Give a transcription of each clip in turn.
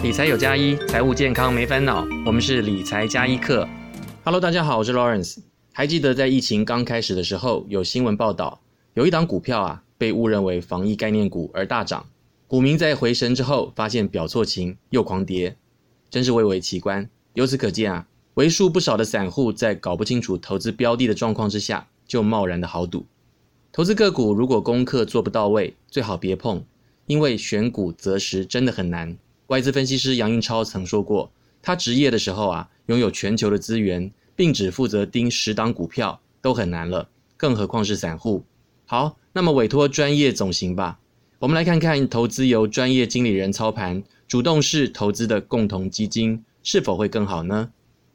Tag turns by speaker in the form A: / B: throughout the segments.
A: 理財有加一，財務健康沒煩惱。我們是理財加一課。Hello，大家好，我是 Lawrence。還記得在疫情剛開始的時候，有新聞報道，有一檔股票啊被誤認為防疫概念股而大漲，股民在回神之後發現表錯情又狂跌，真是蔚為奇觀。由此可見啊，為數不少的散戶在搞不清楚投資標的的狀況之下，就貿然的豪賭。投資個股如果功課做不到位，最好別碰，因為選股擇時真的很難。外資分析師楊應超曾說過，他執業的時候啊，擁有全球的資源，並只負責盯十檔股票都很難了，更何況是散戶。好，那麼委托專業總行吧。我們來看看投資由專業經理人操盤，主動式投資的共同基金是否會更好呢？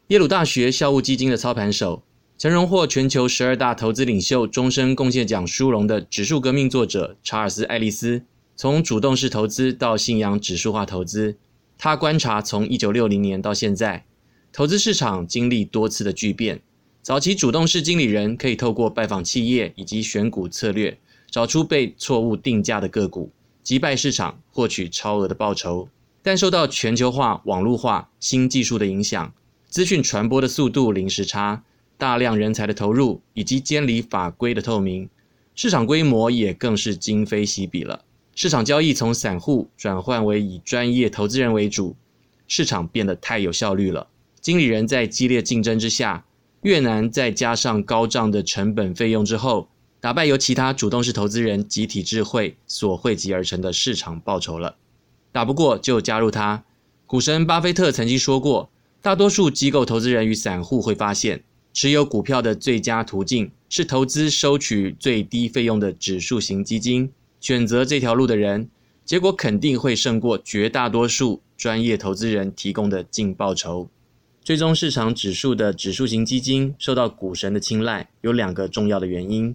A: 耶魯大學校務基金的操盤手，曾榮獲全球十二大投資領袖終身貢獻獎殊榮的指數革命作者查爾斯·艾利斯。從主動式投資到信仰指數化投資，他觀察，從一九六零年到現在，投資市場經歷多次的巨變。早期主動式經理人可以透過拜訪企業以及選股策略，找出被錯誤定價的個股，擊敗市場，獲取超額的報酬。但受到全球化、網絡化、新技術的影響，資訊傳播的速度、零時差、大量人才的投入以及監理法規的透明，市場規模也更是今非昔比了。市場交易從散戶轉換為以專業投資人為主，市場變得太有效率了。經理人在激烈競爭之下，越難再加上高漲的成本費用之後，打敗由其他主動式投資人集體智慧所匯集而成的市場報酬了。打不過就加入他。股神巴菲特曾經說過，大多數機構投資人與散戶會發現，持有股票的最佳途徑是投資收取最低費用的指數型基金。選擇這條路的人，結果肯定會勝過絕大多數專業投資人提供的淨報酬。追蹤市場指數的指數型基金受到股神的青睞，有兩個重要的原因。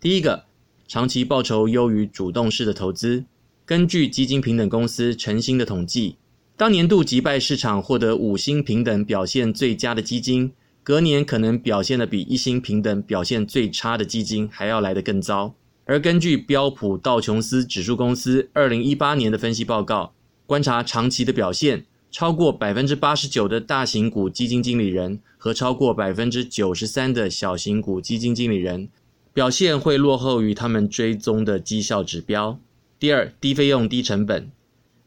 A: 第一個，長期報酬優於主動式的投資。根據基金評等公司晨星的統計，當年度擊敗市場獲得五星評等表現最佳的基金，隔年可能表現得比一星評等表現最差的基金還要來得更糟。而根據標普道瓊斯指數公司二零一八年的分析報告，觀察長期的表現，超過百分之八十九的大型股基金經理人和超過百分之九十三的小型股基金經理人，表現會落後於他們追蹤的績效指標。第二，低費用、低成本。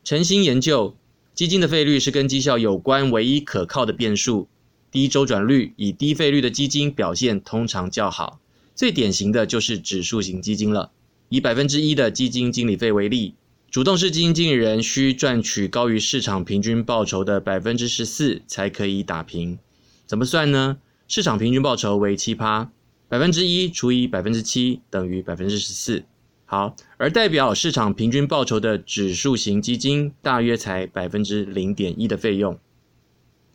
A: 晨星研究，基金的費率是跟績效有關唯一可靠的變數。低周轉率以低費率的基金表現通常較好。最典型的就是指數型基金了。以1。以百分之一的基金經理費為例，主動式基金經理人需賺取高於市場平均報酬的百分之十四才可以打平。怎麼算呢？市場平均報酬為七趴，百分之一除以百分之七等於百分之十四。好，而代表市場平均報酬的指數型基金大約才百分之零點一的費用。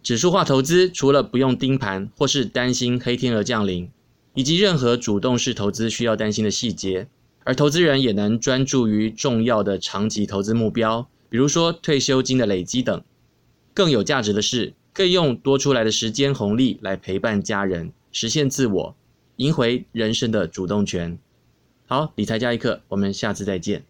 A: 指數化投資除了不用盯盤或是擔心黑天鵝降臨，以及任何主動式投資需要擔心的細節，而投資人也能專注於重要的長期投資目標，比如說退休金的累積等。更有價值的是，可以用多出來的時間紅利來陪伴家人，實現自我，贏回人生的主動權。好，理財加一課，我們下次再見。